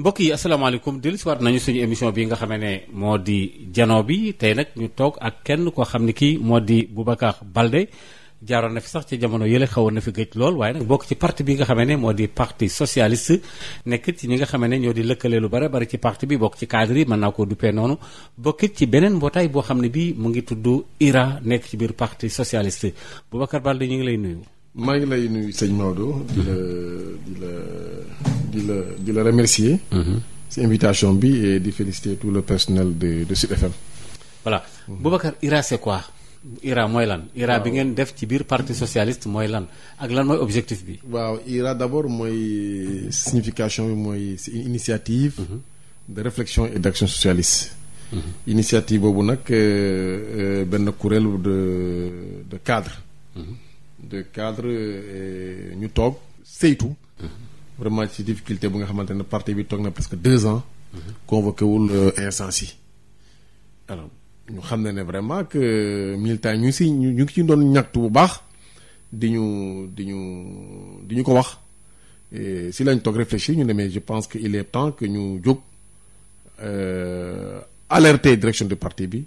mbokk yi asalaamaaleykum dellu si waat nañu suñu émission bi nga xamee ne moo di jano bi tey nag ñu toog ak kenn koo xam ne kii moo di Boubacar balde jaaroon na fi sax ci jamono yële xawoon na fi gëj lool waaye nag bokk ci parti bi nga xamee ne moo di parti socialiste nekk ci ñi nga xamee ne ñoo di lëkkalee lu bare bari ci parti bi bokk ci cadre mën naa koo duppe noonu bokkit ci beneen mbootaay boo xam ne bii mu ngi tudd IRA nekk ci biir parti socialiste Boubacar Baldé ñu ngi lay nuyu. maa ngi lay nuyu sëñ Maodo. di la di la di la di la remercier. ci mhm. invitation bi et di féliciter tout le personnel de de Sud FM. voilà mhm. Boubacar IRA c'est quoi. IRA mooy lan. IRA bi ngeen def ci biir partie socialiste mooy lan ak lan mooy objectif bi. waaw IRA d'abord mooy signification bi mooy c'est une initiative. Mhm. de réflexion et d'action socialiste. Mm initiative boobu nag euh, euh, benn kuréel de de cadre. de cadre euh, ñu toog saytu. Mmh. vraiment ci difficulté bu nga xamante ne parti bi toog na presque deux ans. Mmh. convoqué wul euh, instance yi. alors ñu xam na ne vraiment que euh, militant ñu ngi si ñu ngi ci doon ñaxtu bu baax di ñu di ñu di ñu ko wax si lañ toog réfléchir ñu demee je pense que il est temps que ñu jóg alerter direction du parti bi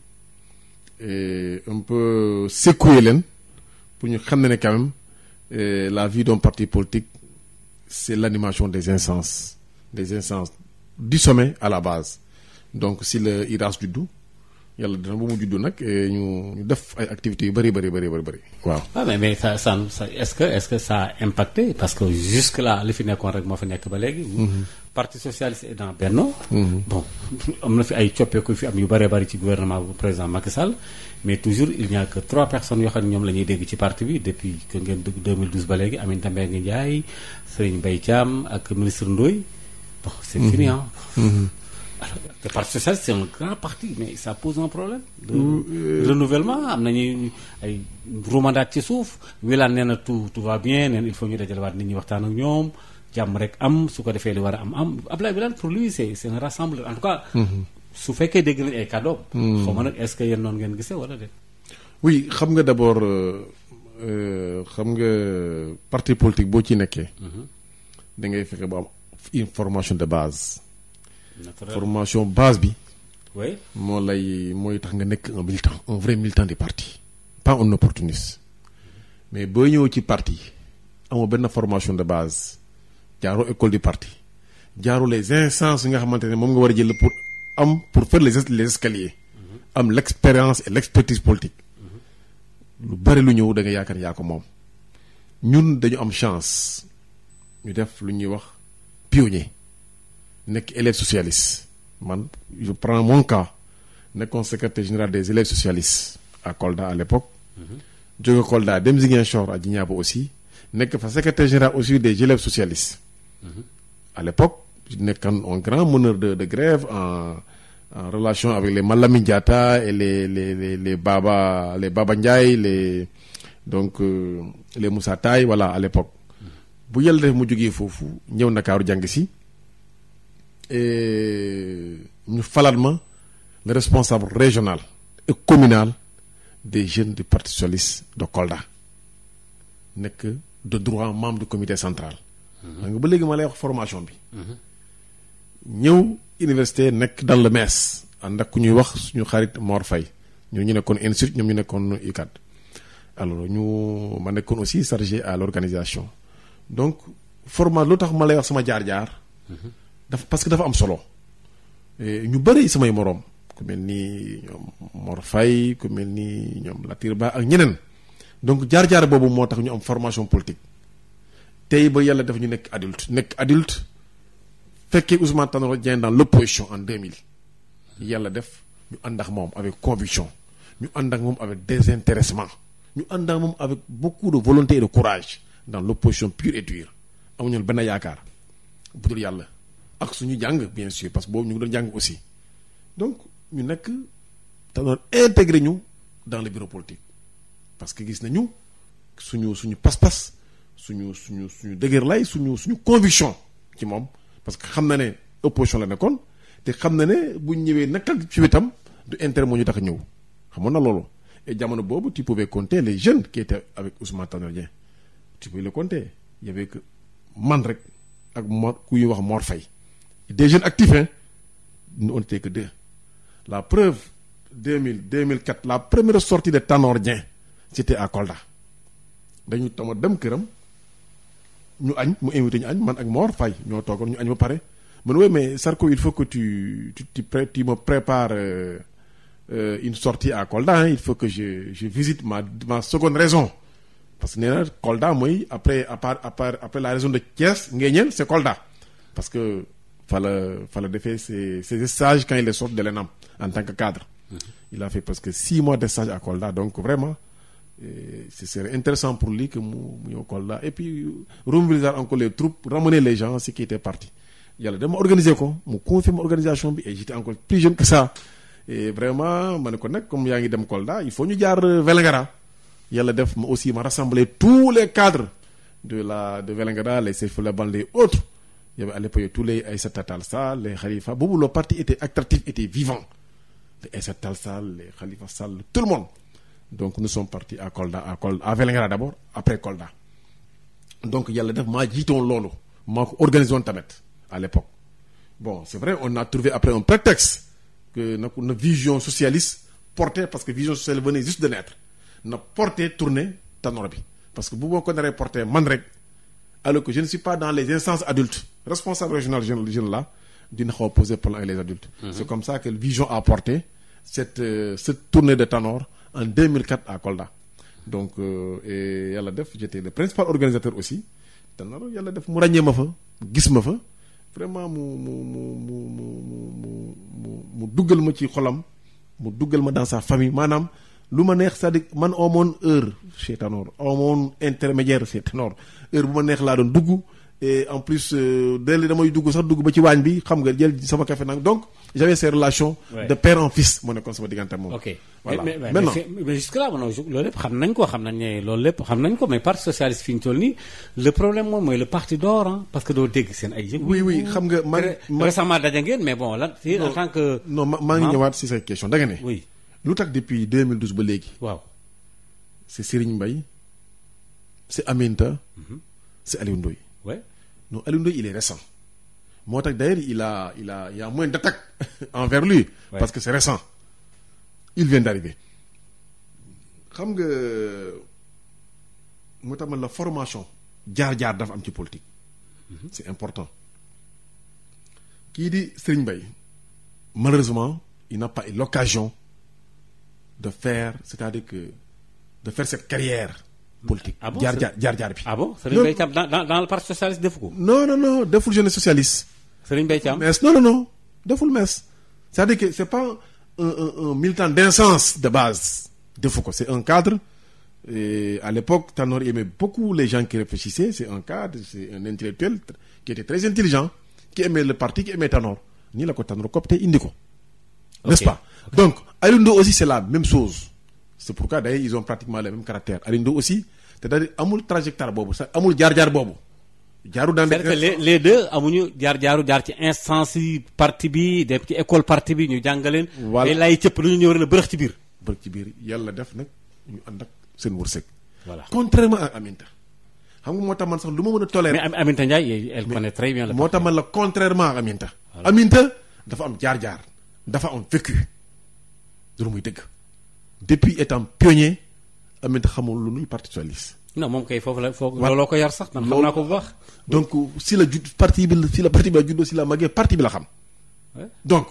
et un peu secouer leen. pour ñu xam ne ne quand même euh, la vie d'un parti politique c'est l'animation des instances des instances di sommet à la base donc si le IRAS juddu yàlla dina bu mu juddu nag eh, ñu def ay activités yu bëri bëri bëri bëri bëri waaw. waaw ah, mais mais ça ça est-ce que est-ce que a impacté parce que jusque là li fi nekkoon rek moo fi nekk ba léegi. Mm-hmm. parti socialiste et dans Benno. Mm-hmm. bon am na fi ay coppeeku fi am yu bare bëri ci gouvernement bu président Macky Sall mais toujours il n'y a que trois personnes yoo xam ne ñoom la ñuy dégg ci parti bi depuis que ngeen dugg 2012 ba léegi Aminata Mbengue Ndiaye Serigne Mbaye Thiam ak ministre Ndoye bon c'est mm-hmm. fini ah. parce que ça c'est un grand parti mais ça pose un problème de renouvellement am nañu ay romandaat ci suuf wilaan nee na tout tout va bien nee na il faut ñu dajalewaat nit ñi waxtaan ak ñoom jàmm rek am su ko defee li war a am am Abdoulaye Wilane pour lui c'est c'est un rassembleur en tout cas mhm. su fekkee dégg nañu ay kàddoom mhm. xaw ma ce que yéen noonu ngeen gisee wala déet oui xam nga d'abord euh, euh, xam nga parti politique boo ci nekkee mhm. da ngay fexe ba am information de base formation base bi. oui moo lay mooy tax nga nekk un militant un vrai militant du parti pas un opportuniste mais boo ñëw ci parti amoo benn formation de base jaaroo école du parti jaaroo les instances yi nga xamante ne moom nga war a jël pour am pour faire les les escaliers. am l' expérience et l' expertise politique. lu bari lu ñëw da yaakaar yaa ko moom. ñun dañu am chance ñu def lu ñuy wax pionnier. nekk élève socialiste man je prends mon cas nekkoon secrétaire général des élèves socialistes a Kolda à l'époque mhm. jóge Kolda dem Ziguinchor à Djignabo aussi nekk fa secrétaire général aussi des élèves socialistes mhm. à l'époque nekkan on grand meneur de de grève en en relation avec les Malamine Diatta et les les les les Baba les Baba Ndiaye donc euh, les Moussa Taye voilà à mhm. bu yàlla def mu jógee foofu ñëw Ndakaaru jàng si ñu falaat ma le responsable régional et communal des jeunes du parti socialiste de Kolda nekk de droit membre du comité central. Mhm. xam nga ba léegi ma lay wax formation bi. Mhm. ñëw université nekk dans le MES ànd ak ku ñuy wax suñu xarit Mor Faye ñoo ñu nekkoon institut ñoom ñu nekkoon UCAD alors ñu ma nekkoon aussi chargé à l'organisation donc format lu tax ma lay wax sama jaar-jaar. Mhm. dafa parce que dafa am solo ñu bëri samay moroom ku mel ni ñoom Mor Faye ku mel ni ñoom Latir Ba ak ñeneen donc jaar-jaar boobu moo tax ñu am formation politique tey ba yàlla def ñu nekk adulte nekk adulte fekkee Ousmane Tanor Dieng dans l'opposition en mille yàlla def ñu ànd ak moom avec conviction ñu ànd ak moom avec désintéressement ñu ànd ak moom avec beaucoup de volonté et de courage dans l'opposition pure et dure amuñu benn yaakaar bu dul yàlla. ak suñu jàng bien sûr parce que boobu ñu ngi doon jàng aussi donc ñu nekk te doon intégré ñu dans le bureau politique parce que gis nañu suñu suñu pas-pas suñu suñu suñu dëgër lay suñu suñu conviction ci moom parce que xam na ne opposition la nekkoon te xam na ne bu ñëwee nekkal ci wetam du intérêt moo ñu tax ñëw xamoon na loolu et jamono boobu tu pouvais compter les jeunes qui étaient avec Ousmane Tanor jee tu pouvais le compter y avait que man rek ak Mor ku ñuy wax Mor Faye des jeunes actifs hein nous on n'était que deux la preuve mille 2004 la première sortie de Tanor Dieng c'était à Kolda dañu tama dem këram ñu añ mu invité ñu añ man ak Mor Faye ñoo toogoon ñu añ ba pare man wooy mais Sarko il faut que tu tu tu, pré, tu me euh, une sortie à Kolda hein. il faut que je je visite ma ma seconde raison parce que nee na mooy après à part à part après la raison de Thiès Nguéniène c'est Kolda parce que fa la fa la defee ses ses stages quand il est sorti de l'ENAM en tant que cadre. Mhm. il a fait que six mois de stage à Kolda donc vraiment et eh, ce intéressant pour lui que mu mu ñëw Kolda et puis remobiliser encore les troupes ramener les gens ce qui parti yàlla dama organiser ko mu confirme organisation bi et j'étais encore plus jeune que ça et vraiment ma ne ko nag comme yaa ngi dem Kolda il faut ñu jaar euh, Vélingara yàlla def ma aussi ma rassembler tous les cadres de la de Vélingara les chefs de bande et autres Il y avait à l'époque, il y avait tous les Aïssa Talsa, les Khalifa. Boubou, le parti était attractif, était vivant. Les Aïssa Talsa, les Khalifa Sall, tout le monde. Donc, nous sommes partis à Kolda, à, Kolda, à Vélingara d'abord, après Kolda. Donc, il y a le def, ma jiton lolo, ma organisation tamet, à l'époque. Bon, c'est vrai, on a trouvé après un na que notre vision socialiste portait, parce que vision socialiste venait juste de naître, n'a porté, tourné, tanorabi. Parce que Boubou, qu'on aurait porté, mandrek, alors que je les instances adultes. responsable régional jeune jeune là dina xaw a poser problème les adultes. Mm comme ça que Vision a porté cette euh, cette tournée de Tanor en 2004 à Kolda. donc euh, et yàlla def j'étais le principal organisateur aussi Tanor yàlla def mu ràññee ma fa gis ma fa vraiment mu mu mu mu mu mu mu mu duggal ma ci xolam mu duggal ma dans sax famille maanaam. lu ma neex c'est-à-dire man amoon heure chez Tanor amoon intermédiaire chez Tanor heure bu ma neex laa doon dugg et en plus euh, dès damay dugg sax dugg ba ci waañ bi xam nga jël sama café nag donc j'avais ces relations de père en fils moo nekkoon sama diggante moom ok loolu lépp xam nañ ko xam nañ ne loolu xam nañ ko mais parti socialiste fi ñu toll nii le problème moom le parti d'or parce que doo dégg seen ay jëf oui oui xam nga man en tant que non maa ngi ñëwaat si sa question da nga ne oui lu tax depuis 2012 ba léegi waaw c'est Serigne Mbaye c'est Aminta mhm. c'est Aliou non Alioune Ndoye il est récent moo tax d'ailleurs il a il a il y a envers lui parce que c'est récent il vient d'arriver xam nga moo tax man la formation jaar-jaar dafa am ci politique mhm. c'est important kii di Serigne bay malheureusement il n'a pas eu l'occasion de faire c'est-à-dire que de faire cette carrière politique. ah bon jaar jaar jaar bi. ah bon Serigne Mbaye Thiam non non non deful jeunesse socialiste. Serigne non non non deful mes. c'est-à-dire que c'est pas un un un militant d'instance de base defu ko c'est un cadre. Et à l'époque Tanor aimait beaucoup les gens qui réfléchissaient c'est un cadre c'est un intellectuel qui était très intelligent qui aimait le parti qui aimait Tanor nii la ko Tanor coopté indi ko n'est-ce pas donc Aliou Ndoye aussi c'est la même chose c'est pourquoi d'ailleurs ils ont pratiquement le même caractère Alioune Ndoye aussi cest à amul trajectoire boobu sax amul jaar-jaar boobu. jaaru daan c'est que les les amuñu jaar jaaru jaar ci instance yi parti bi dem ci école parti bi ñu jàngaleen. voilà mais laay cëpp lu ñu ñëw rek la bërëx ci biir. bërëx ci biir yàlla def nag ñu ànd ak seen wërsëg. voilà contrairement à Aminta. xam nga moo tax man sax lu ma mën a tolérer. mais Aminta Ndiaye elle connaît très moo tax man la contrairement à Aminta. Aminta dafa am jaar jaar. dafa am vécu. loolu muy depuis étant pionnier Ameth xamul lu nuy parti socialiste. non moom kay foofu la foofu loo ko yar sax. man xam naa ko bu baax. donc si la ju parti bi si la parti bi la si la màggee parti bi la xam. donc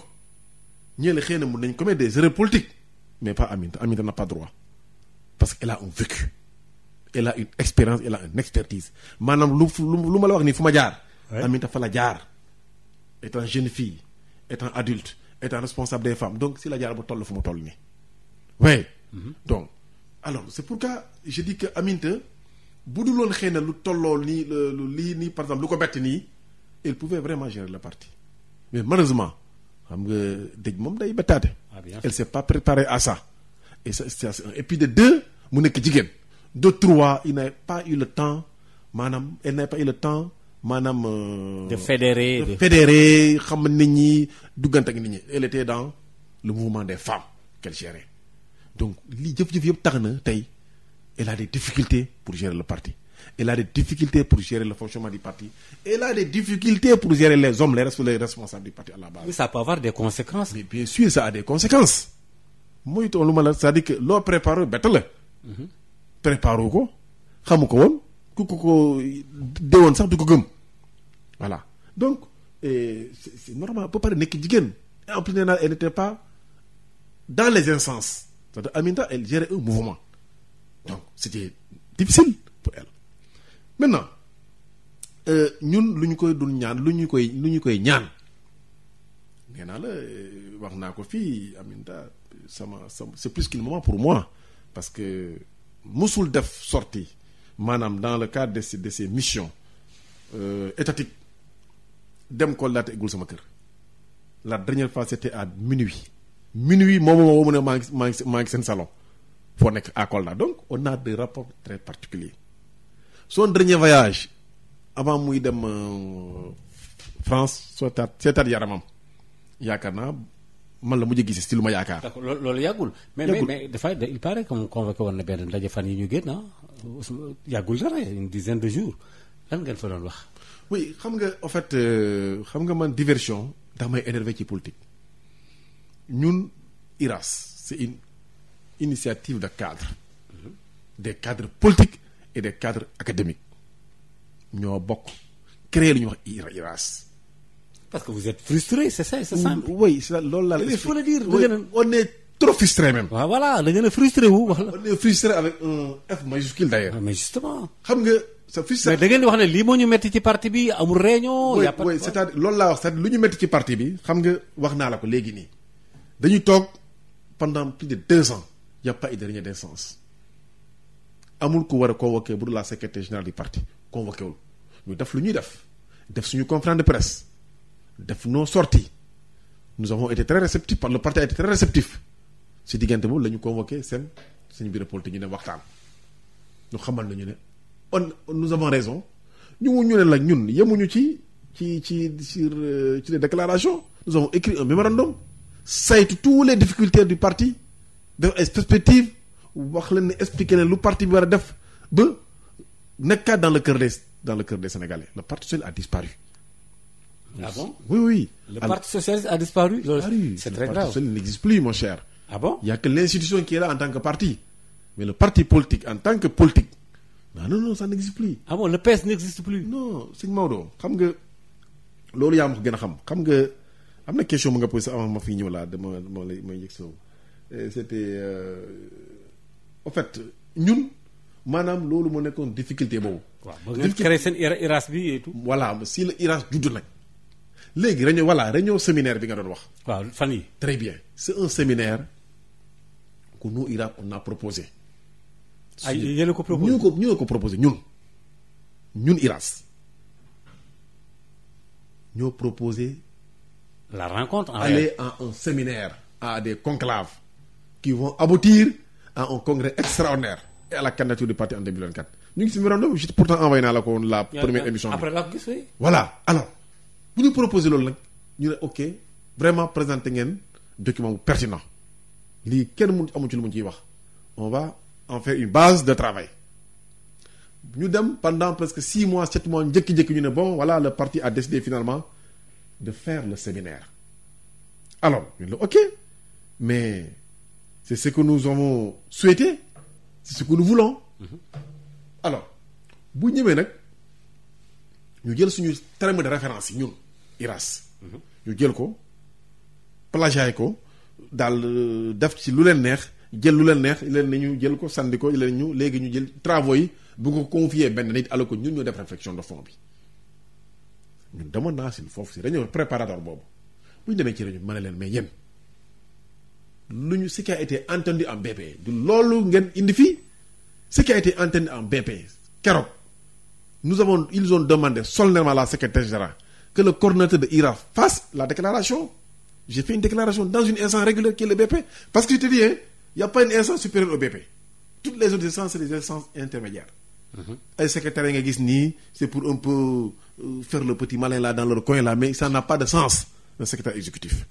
ñële xëy na mun nañ commettre des erreurs politiques mais pas Ameth Ameth n'a pas droit parce que a un vécu. elle a une expérience elle a expertise maanaam lu lu ma la wax nii fu ma jaar. Aminta fa la jaar. étant jeune fii étant adulte étant responsable des femmes donc si la jaar ba toll fu mu toll nii. oui mhm. donc alors c'est pourquoi je di que Aminta bu du woon xëy na lu tollool nii lii nii par exemple lu ko bette nii il pouvait vraiment gérer le parti mais malheureusement xam nga dëj moom day bettaate ah, elle s'est pas préparée à ça et ça c'est un et puis de deux mu nekk jigéen de trois il n'a pas eu le temps maanaam elle n'a pas eu le temps maanaam euh, de fédérer de fédérer xam nit ñi duggante ak nit ñi elle était dans le mouvement des femmes qu'elle gérait donc li jëf-jëf yëpp tax na tey elle a des difficultés pour gérer le parti elle a des difficultés pour gérer le fonctionnement du parti elle a des difficultés pour gérer les hommes les responsables du parti à la base. mais ça peut avoir des conséquences. mais bien sûr ça a des conséquences. mooy toolu ma la c'est-à-dire que loo préparé bett la. Mhm. préparé ko xamu ko woon ku ko ko deewoon sax du ko gëm voilà donc eh, c'est, c'est normal ba pare nekk jigéen en plus nee naa elle n'était pas dans les instances. c'est-à-dire Aminta elle gérait un mouvement donc c'était difficile pour elle maintenant euh, ñun lu ñu koy dul ñaan lu ñu koy lu ñu koy ñaan nee naa la euh, wax naa ko fii Aminta sama sama c'est plus qu'un moment pour moi parce que mosul def sortie maanaam dans le cadre de ces de ces missions euh, étatiques dem ko laata eggul sama kër la dernière fois c'était à minuit minuit moom moo mun a maa ngi maa ngi maa ngi seen salon foo nekk à Kolda donc on a des rapports très particuliers son dernier voyage avant muy dem euh, France seetaat seetaat yaramam yaakaar naa man la mujj gis si lu ma yaakaar. d'accord loolu yàggul. mais mais dafa il paraît que mu convoqué woon na benn ndaje fan yi ñu génn ah yàggul dara eh, une dizaine de jours lan ngeen fa doon wax. oui xam nga en fait euh, xam nga man diversion ndax may énervé ci politique. ñun IRAS c'est une initiative de cadres mm-hmm. des cadres politiques et des cadres académiques ñoo bokk créer lu ñu wax IRAS. parce que vous êtes frustré c'est ça c'est simple. c'est loolu laa la. il faut le dire on a frustré wu wax la. on est frustré ah, xam nga sa frustré. mais da ne lii moo ñu metti ci parti bi amul réunion. y a loolu laa wax cest lu ñu metti ci parti bi xam nga wax naa la ko léegi nii. dañuy toog pendant plus de deux ans y a pas eu de réunion d'instance amul ku war a convoqué bu dul la secrétaire générale du parti convoqué wul ñu def lu ñuy def def suñu conférence de presse def nos sorties nous avons été très réceptifs par le parti a été très réceptif si diggante boobu la ñu convoqué seen suñu bureau politique ñu ne waxtaan ñu xamal nañu ne on nous avons raison ñu ñu ne la ñun yemuñu ci ci ci ci euh, ci des déclarations nous avons écrit un mémorandum saytu tous les difficultés du parti def ay perspectives wax leen ne expliquer leen lu parti bi war a def ba nekkaat dans le kër des dans le kër des Sénégalais le parti socialiste a disparu. ah bon oui oui. le Alors, parti socialiste a disparu. loolu n'existe plus mon cher. ah l'institution qui est en tant que parti mais le parti politique en tant que politique non non non ça n'existe plus. ah bon le PS n'existe plus. non sëñ xam nga loolu yaa ma gën a xam xam nga. am na question mu nga posé avant ma fi ñëw laa dama ma lay may yëg soow c'était en euh, fait ñun maanaam loolu moo nekkoon difficulté boobu. waaw ba ngeen créé seen IRAS bi et tout. voilà si la IRAS judd nag léegi réunion voilà réunion séminaire bi nga doon wax. waaw fan yi très bien c'est un séminaire que nous IRAS on a proposé. ay ah, ko proposé ñu ko ko proposé ñun ñun IRAS ñoo proposé. la rencontre en aller à un séminaire à des conclaves qui vont aboutir à un congrès extraordinaire et à la candidature du parti en 2024 ñu ngi si mémorandum bi pourtant envoyé naa la ko woon la première émission après la alors bu ñu proposé loolu nag ñu ne ok vraiment présenté ngeen document bu pertinent lii kenn mun amu ci lu mu ciy wax on va en faire une base de travail ñu dem pendant presque six mois sept mois njëkki-njëkki ñu ne bon voilà le parti a décidé finalement de fair le séminaire alors ñun la ok mais c'est ce que nous avons souhaité c'est ce que nous voulons mm-hmm. alors bu ñëwee nag ñu jël suñu terme de référence yi ñun IRAS mm-hmm. ñu jël ko plagier ko daal euh, def ci lu leen neex jël lu leen neex leen ne ñu jël ko sandi ko leen ñu léegi ñu jël travaux yi bu ko confier benn nit alors que ñun ñoo def réflexion de fond bi ñun demoon foofu si réunion préparatoire boobu bu ñu demee ci réunion bi ma ne leen mais yéen lu ñu ce qui a été entendu en BP du loolu ngeen indi fi ce qui a été entendu en BP keroog nous avons ils ont demandé solennellement à la secrétaire générale que le coordonnateur de IRA fasse la déclaration j'ai fait une déclaration dans une instance régulière qui est le parce que te dis hein a pas une instance supérieure au BP toutes les autres instances c'est des instances intermédiaires mm-hmm. ay secrétaires nga gis nii c'est pour un Euh, faire le petit malin là dans leur coin là mais ça n'a pas de sens un secrétaire exécutif.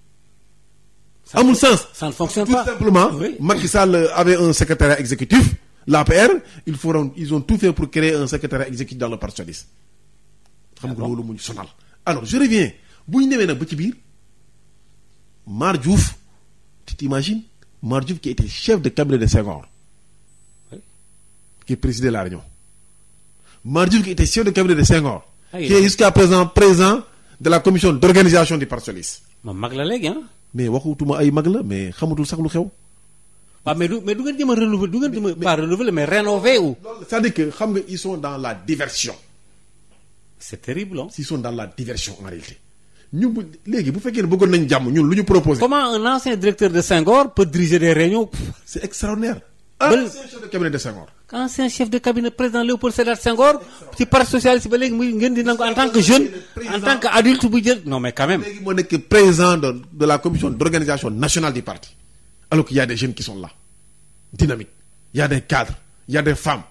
amul sens ça ne fonctionne tout pas tout simplement. Oui. Macky euh, avait un secrétaire exécutif l'APR ils feront ils ont tout fait pour créer un secrétaire exécutif dans le parti socialiste. xam mu ñu je reviens bu ñu na nag ba ci biir Mar Diouf tu t'imagines Mar Diouf qui était chef de cabinet de Senghor qui présidait la réunion Mar Diouf qui était chef de cabinet de Senghor. ah, qui est jusqu'à présent présent de la commission d'organisation du Parti socialiste. moom mag la léegi ah. mais waxutuma ay mag la mais xamatul sax lu xew. waaw mais du mais du ngeen jëm a renouveler du ngeen jëm a. pas renouveler mais rénover ou. loolu c'est-à-dire que nga ils sont dans la diversion. c'est terrible hein. ils sont dans la diversion en réalité. ñu léegi bu fekkee ne bëggoon nañ jàmm ñun lu ñu proposé. comment un ancien directeur de Senghor peut diriger des réunions. c'est extraordinaire. Ah, ba ancien chef de cabinet de Senghor. ancien chef de cabinet président Léopold Sédar Senghor. ci parti socialiste ba léegi muy ngeen di nangu en tant que jeune. en tant que adulte bu jël non mais quand moo nekk président de la commission d' nationale du parti. alors que y' a des jeunes qui sont là dynamique y' a des cadres y' a des femmes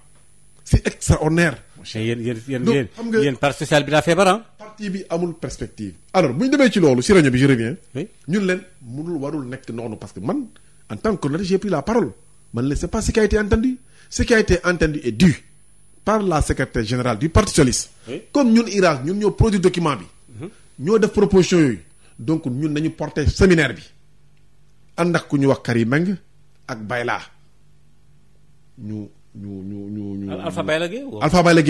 c' est extraordinaire. monsieur yéen yéen yéen yéen yéen parti social bi daa feebar ah. parti bi amul perspective. alors bu demee ci loolu si rajo bi je reviens. ñun leen mënul warul nekk noonu parce que man en tant que man la c'est pas ce qui a été entendu ce qui a entendu est dû par la secrétaire générale du parti socialiste. Oui. comme ñun IRAS ñun ñoo produit document bi. Mhm. ñoo def proposition yooyu donc ñun nañu porte séminaire bi ànd ak ku ñu wax kar yi Meng ak bay ñu ñu ñu ñu ñu. Alpha Bayla Gueye Alpha Bayla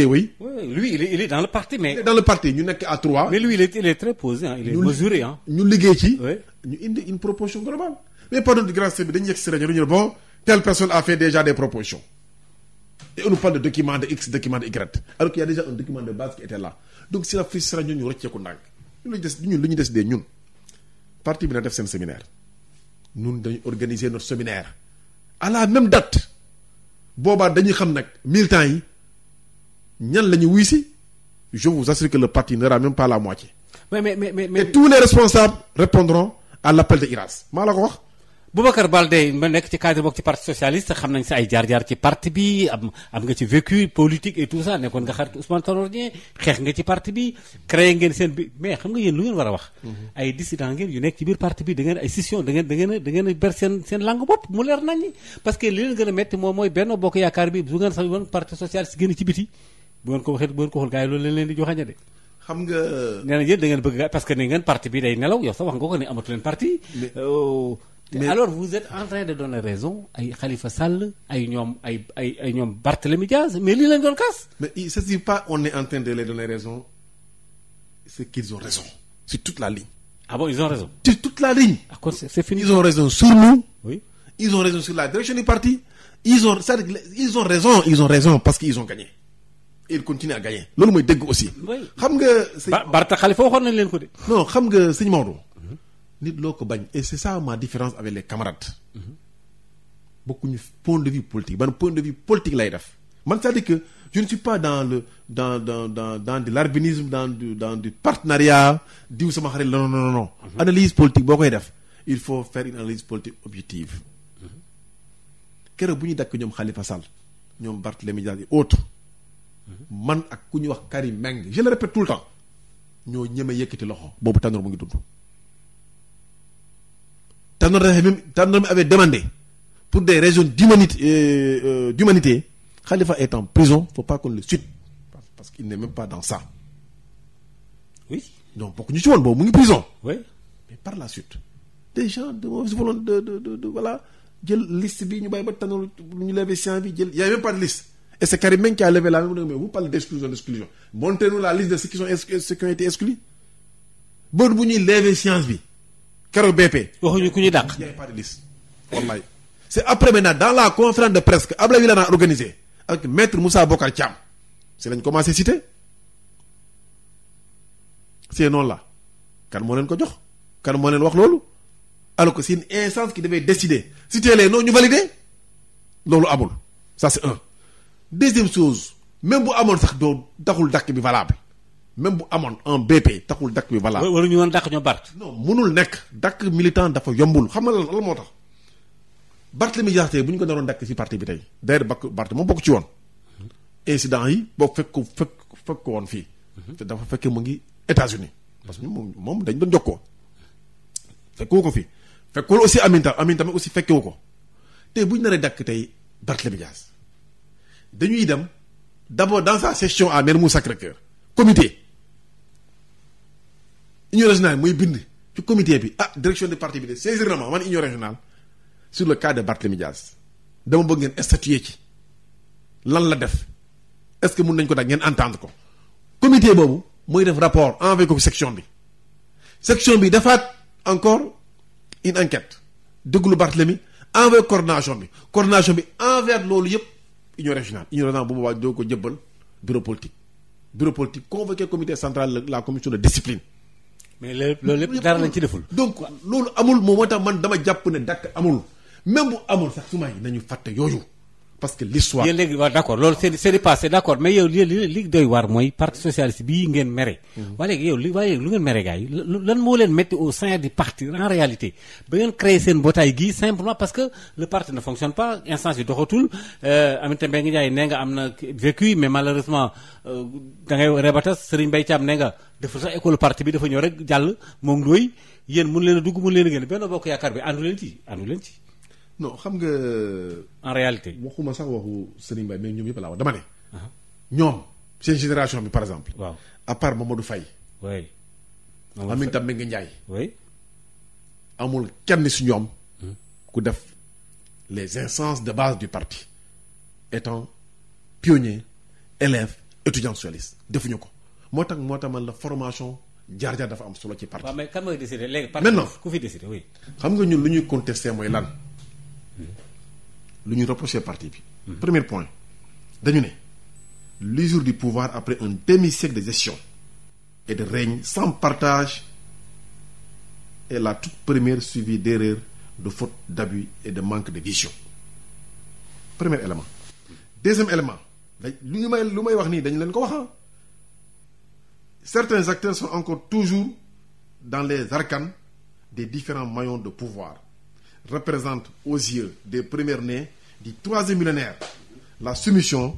lui il est, dans le parti mais. dans le parti ñu nekk a trois. mais lui il est très posé ñu liggéey ci. ñu indi une proposition globale mais pardon du grand bi dañu yegg telle personne a fait déjà des propositions. Et on nous parle de document de X, document de Y. Alors qu'il y a déjà un document de base qui était Donc si la frustration ñun ñu rëccee ndànk ñun lañu des ñun lu ñu décidé ñun parti bi na def seen séminaire ñun dañu organiser notre seminaire à la dat date boobaa dañuy xam nag militants yi ñan la ñu wuy si je vous assure que le parti n'aura même pas la moitié. mais mais mais mais. et tous les responsables répondront à l'appel de IRAS maa l Boubacar Baldé ma nekk ci cadre bokk ci parti socialiste xam nañ sa ay jaar-jaar ci parti bi am nga ci vécu politique et tout ça nekkoon nga xarit Ousmane moom mooy benn bokk yaakaar bi bu ngeen sax woon parti socialiste génn ci biti bu ngeen ko waxee bu yi loolu leen leen di joxaña de xam nga nee na yéen da ngeen bëgg parce que ni ngeen parti bi day nelaw yow sax wax nga ko ne amatu leen parti euh, mais alors vous êtes en train de donner raison ay Khalifa Sall ay ñoom ay ay ñoom Barthélemy Diaz mais lii lañ doon casse. mais il se dit pas on est en train de les donner raison c'est qu'ils ont raison sur toute la ligne. ah bon ils ont raison. sur toute la ligne. ah c'est fini. ils ont raison sur la direction du parti. ils ont c'est-à-dire ils ont raison ils ont raison parce qu'ils ont gagné. il continue à gagner. loolu mooy dégg aussi. xam nga. Ba Barta Khalifa waxoon nañ leen ko de. non xam nga sëñ Maodo. nit loo ko bañ et c'est ça ma différence avec les camarades. bokkuñu point de vue politique ban point de vue politique lay def man cest à que je ne suis pas dans le dans dans dans dans de l'arbinisme dans du dans du partenariat diw sama xarit la non non non. Mhm. analyse politique boo koy def il faut faire une analyse politique objective. Mhm. keroog bu ñu dakk ñoom Khalifa Sall ñoom Barthélémy Dias et autres mhm. man ak ku ñuy wax Karim Meng je le répète tout le temps ñoo ñeme yëkkati loxo boobu tàndoor mu ngi dund. Tanor avait même Tanor avait demandé pour des raisons d'humanité euh, euh, d'humanité Khalifa est en prison faut pas qu'on le suive parce qu'il n'est même pas dans ça. oui donc bokk ñu ci woon boobu mu ngi prison. oui mais par la suite. des gens de mauvaise volonté de de de, de voilà jël liste bi ñu bàyyi ba Tanor ñu lever séance bi jël y a même pas de liste. et c'est Karim Meng qui mais vous parlez d'exclusion d'exclusion montrez-nous la liste de ceux qui sont exclus. boobu bu ñuy lever séance bi. keroog BP. waxuñu ku ñuy dàq. il n'y a pas de liste wallaay c' est dans la conférence de presse que Abdoulaye Wilane a organisé ak maître Moussa Bokar Thiam si lañ commencé cité c'est noonu la kan moo leen ko jox kan moo leen wax loolu alors que c'est instance ki devait décider cité les noonu ñu validé loolu amul ça c'est un deuxième chose même bu amoon sax doo daxul dàkk bi valable. même bu amoon un BP taxul dakk bi balaa. waruñu woon dakk ñoo Bart. non mënul nekk dakk militant dafa yombul xam nga lan lan moo tax Barthélémy Dias bu ñu ko naroon dakk ci parti bi tey d'ailleurs bakk Bart moom bokk ci woon incident yi boo fekk ko fekk fekk woon fii. te mhm. dafa fekkee mu ngi États-Unis parce que moom moom dañ doon jokkoo fekkewu ko fii fekkul aussi Aminta Aminta tamit aussi fekkewu ko tey bu ñu naree dakk tey Barthélémy dañuy dem d'abord dans sa session à Mermoz Sacré-Cœur comité. union régionale muy bind ci comité bi ah direction de parti bi de saisir na ma man union régionale sur le cas de Barthélémy Dias dama bëgg ngeen statuer ci lan la def est-ce que mun nañ ko dag ngeen entendre ko comité boobu mooy def rapport envoyé ko section bi section bi defaat encore une enquête déglu Barthélémy envoyé coordination bi coordination bi envers loolu yëpp union régionale union régionale bu boobaa doo ko jëbbal bureau politique bureau politique convoqué comité central la commission de discipline mais loolu lépp dara lañ ci deful. donc loolu amul moom moo tax man dama jàpp ne dakk amul même bu amul sax su may nañu fàtte yooyu. parce que l'histoire yéen léegi waaw d' accord loolu c'est c'est dépassé d' accord mais yow li li doy waar mooy parti socialiste bii ngeen mere. Mhm. waaye léegi yow li waaye lu ngeen mere gars yi lan moo leen metti au sein du parti en réalité ba ngeen créé seen mbootaay gii simplement parce que le parti ne fonctionne pas instance yi doxatul euh, Aminata Mbengue Ndiaye nee nga am na vécu mais malheureusement euh, da ngay rebatas Serigne Mbaye Thiam nee nga dafa école parti bi dafa ñëw rek jàll moom ndooy yéen leen a dugg mun leen benn bokk yaakaar bi àndu leen ci leen ci. non xam nga. en réalité. waxuma sax waxu Serigne Baye mais ñoom yëpp laa wax dama ne. ñoom seen génération bi par exemple. waaw à part Mamadou Faye. oui. Aminata Mbengue Ndiaye. oui. amul kenn si ñoom. Hmm. ku def les instances de base du parti étant pionnier élève étudiant socialiste defuñu ko moo tax moo tax man la formation jaar-jaar dafa am solo ci parti. mais kan ku fi décider oui. xam nga ñun lu ñuy contester mooy lan. lu ñu reproché parti bi. premier point dañu ne l'usure du pouvoir après un demi-siècle de gestion et de règne sans partage est la toute première suivie d'erreurs de fautes d'abus et de manque de vision premier élément. deuxième élément dañ lu ñu may lu may wax nii dañu leen ko wax ah. certains acteurs sont encore toujours dans les arcanes des différents maillons de pouvoir représentent aux yeux des premiers nés du troisième millénaire, la soumission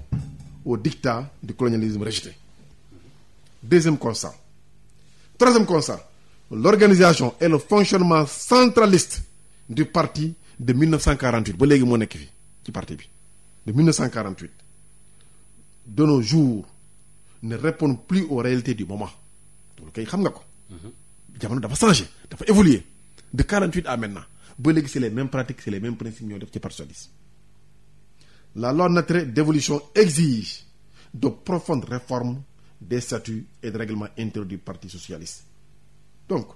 au dictat du colonialisme rejeté. Deuxième constat. Troisième constat, l'organisation et le fonctionnement centraliste du parti de 1948 ba léegi moo nekk fi ci parti bi de 1948 de nos jours ne répond plus aux réalités du moment loolu kay xam nga ko. jamono dafa changé dafa évoluer de 48 à maintenant ba léegi c'est les mêmes pratiques c'est les mêmes principes ñoo def ci parti socialiste La loi naturelle d'évolution exige de profondes réformes des statuts et des règlements intérieurs du Parti socialiste donc.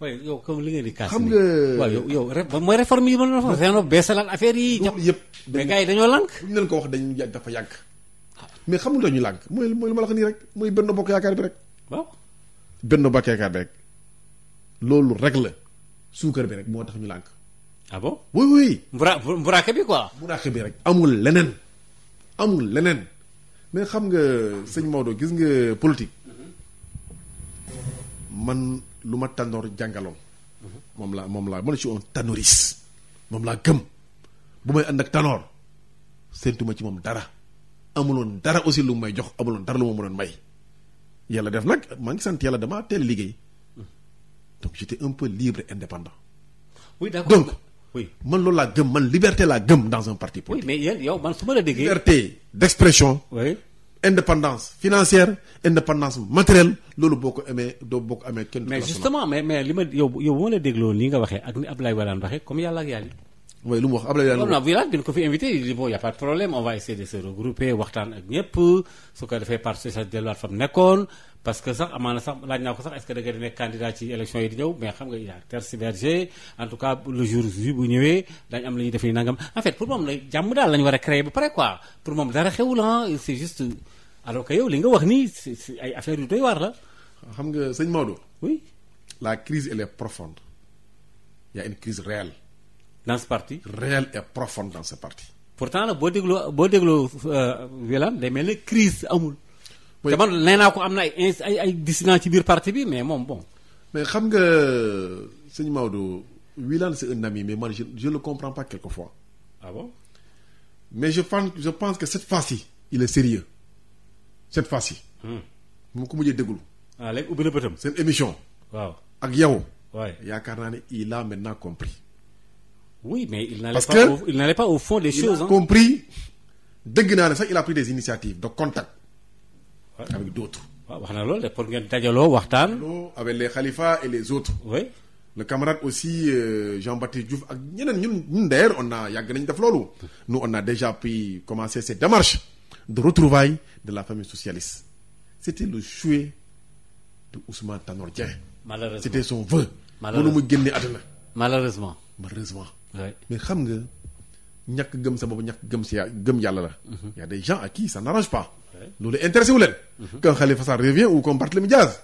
waaye yow comme li ngeen di. kaas xam nga waaw yow yow mooy réforme yi ma la wax. dañoo beesalaat affaire yi. loolu yëpp mais gars yi dañoo lànk. ñu leen dafa yàgg. mais xamul dañu lànk mooy mooy ma la wax rek mooy benn bokk yaakaar bi rek. waaw benn bokk yaakaar bi rek. loolu rek la suukar bi rek moo tax ñu lànk. ah bon oui oui. mbura mburaake bi quoi. mburaake bi rek amul leneen. amul leneen mais xam nga sëñ Maodo gis nga politique man lu ma tànnoor jàngaloon. moom laa moom laa man je suis un tannouriste moom laa gëm bu may ànd ak tanoor séentuma ci moom dara amuloon dara aussi lu may jox amuloon dara lu ma mënoon may yàlla def nag maa ngi sant yàlla dama teel liggéey donc j'étais un peu libre indépendant. donc. oui man loolu laa gëm man liberté laa gëm dans un parti politique. mais yéen yow man su ma la déggee. liberté d'expression. oui indépendance financière indépendance matérielle loolu boo ko amee doo boo ko amee kenn. mais justement mais mais li ma yow yow bu ma la dégloo nii nga waxee ak ni Abdoulaye Wilane waxee comme yàlla ak yàlla. mooy lu mu wax Abdoulaye Wilane. Wilane bi ñu ko fi invité il dit bon y' a pas de problème on va essayer de se regrouper waxtaan ak ñëpp su ko defee parti socialiste delluwaat fa parce que sax amaana sax laaj naa ko sax est-ce que da nga di nekk candidat ci élection yi di ñëw mais xam nga il a en tout cas le jour ju bu ñëwee daañu am la def ni nangam en fait pour moom jàmm daal la ñu war a créer ba pare quoi pour moom dara xewul nga wax nii si ay affaires la. xam nga sëñ Maodo. oui la crise elle est profonde il a une crise réelle. dans ce parti. réelle et profonde dans ce parti. pourtant nag boo dégloo boo dégloo euh, Wilane day mel ne crise amul. mooy te nee naa ko am na ay ay ay dissident ci biir parti bi mais moom bon. mais xam nga sëñ Maodo Wilane c'est un ami mais man je je le comprends pas quelquefois. ah mais je pense je pense que cette fois-ci il est sérieux cette fois-ci. Hmm. mu ko mujjee déglu. ah léegi ubbi na bëtam. seen émission. waaw ak yow. waay yaakaar naa ne il a maintenant compris. oui mais il n'allait pas au, il pas au fond des choses. il a compris dégg naa ne sax il a pris des initiatives de contact. avec d'autres waaw wax na loolu de pour ngeen dajaloo waxtaan. avec les xalifa et les autres. oui le camarade aussi euh, Jean-Baptiste Diouf ak ñeneen ñun ñun on a yàgg nañ def loolu. nous on a déjà pu commencer cette démarche de retrouvailles de la famille socialiste c'était le souhait de Ousmane Tanor Dieng. malheureusement c'était son vœu. malheureusement mënu mu génne àdduna. malheureusement. malheureusement. mais xam nga ñàkk gëm sa bopp ñàkk gëm sa gëm yàlla la. Mhm. y a des gens à qui ça loolu intéressé wu leen. que Khalifa Sall revient ou comme Barthélemy Diaz